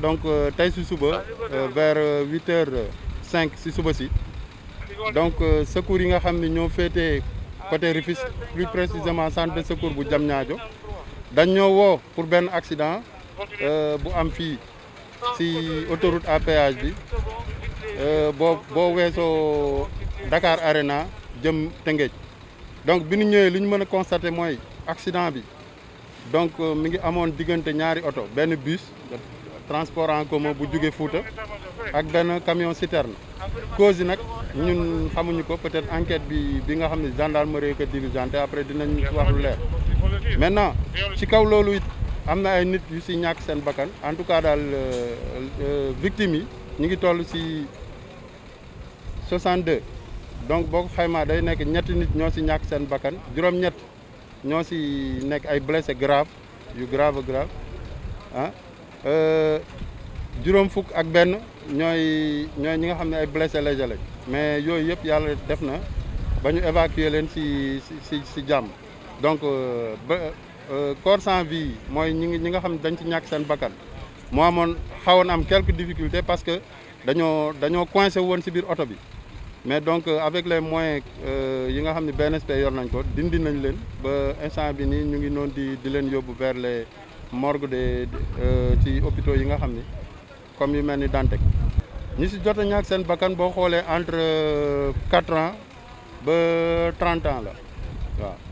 Donc, euh, si souba, euh, vers 8h05, euh, euh, si souba si. Donc, euh, secours, nous avons fait côté Rifis, plus précisément centre de secours de Djam Nyadjo. pour ben accident euh, sur l'autoroute à péage. Nous Dakar Arena, Djam Tengej. Donc, ce que nous avons constaté, c'est accident Donc, nous avons auto, un bus transport en commun bu joggé Fouta ak ben camion citerne cause nak ñun xamuñu ko peut-être enquête bi bi nga xam gendarmerie ko diligenté après dinañ wax lu leer maintenant ci kaw lolu it amna ay nit yu si ñak sen bakan en tout cas euh, euh victime yi ñi ngi toll ci 62 donc bok xayma day nek ñet nit ñoo ci ñak sen bakan juroom ñet ñoo ci nek ay blessé grave yu grave grave ah Euh, juróom fuk ak ben ñoy ñoy ñi nga xamné ay blessé léger lañ mais yoy yep yalla def na bañu évacuer len ci ci ci jam jàmm donc euh, ba euh, corps sans vie moy ñi ñi nga xamné dañ ci ñak sen bakkan mo amone xawoon am quelques difficultés parce que daño daño coincé woon ci biir auto bi mais donc avec les moyens euh, yi nga xamné ne BNSP yor nañ ko dindi nañ len ba instant bi ni ñu ngi non di di len yóbbu vers les morgue de euh, ci hôpitaux yi nga xam ni comme yu mel ni Dantec ñi si jot a ñàkk seen bakkan boo xoolee entre euh, quatre ans ba trente ans la waaw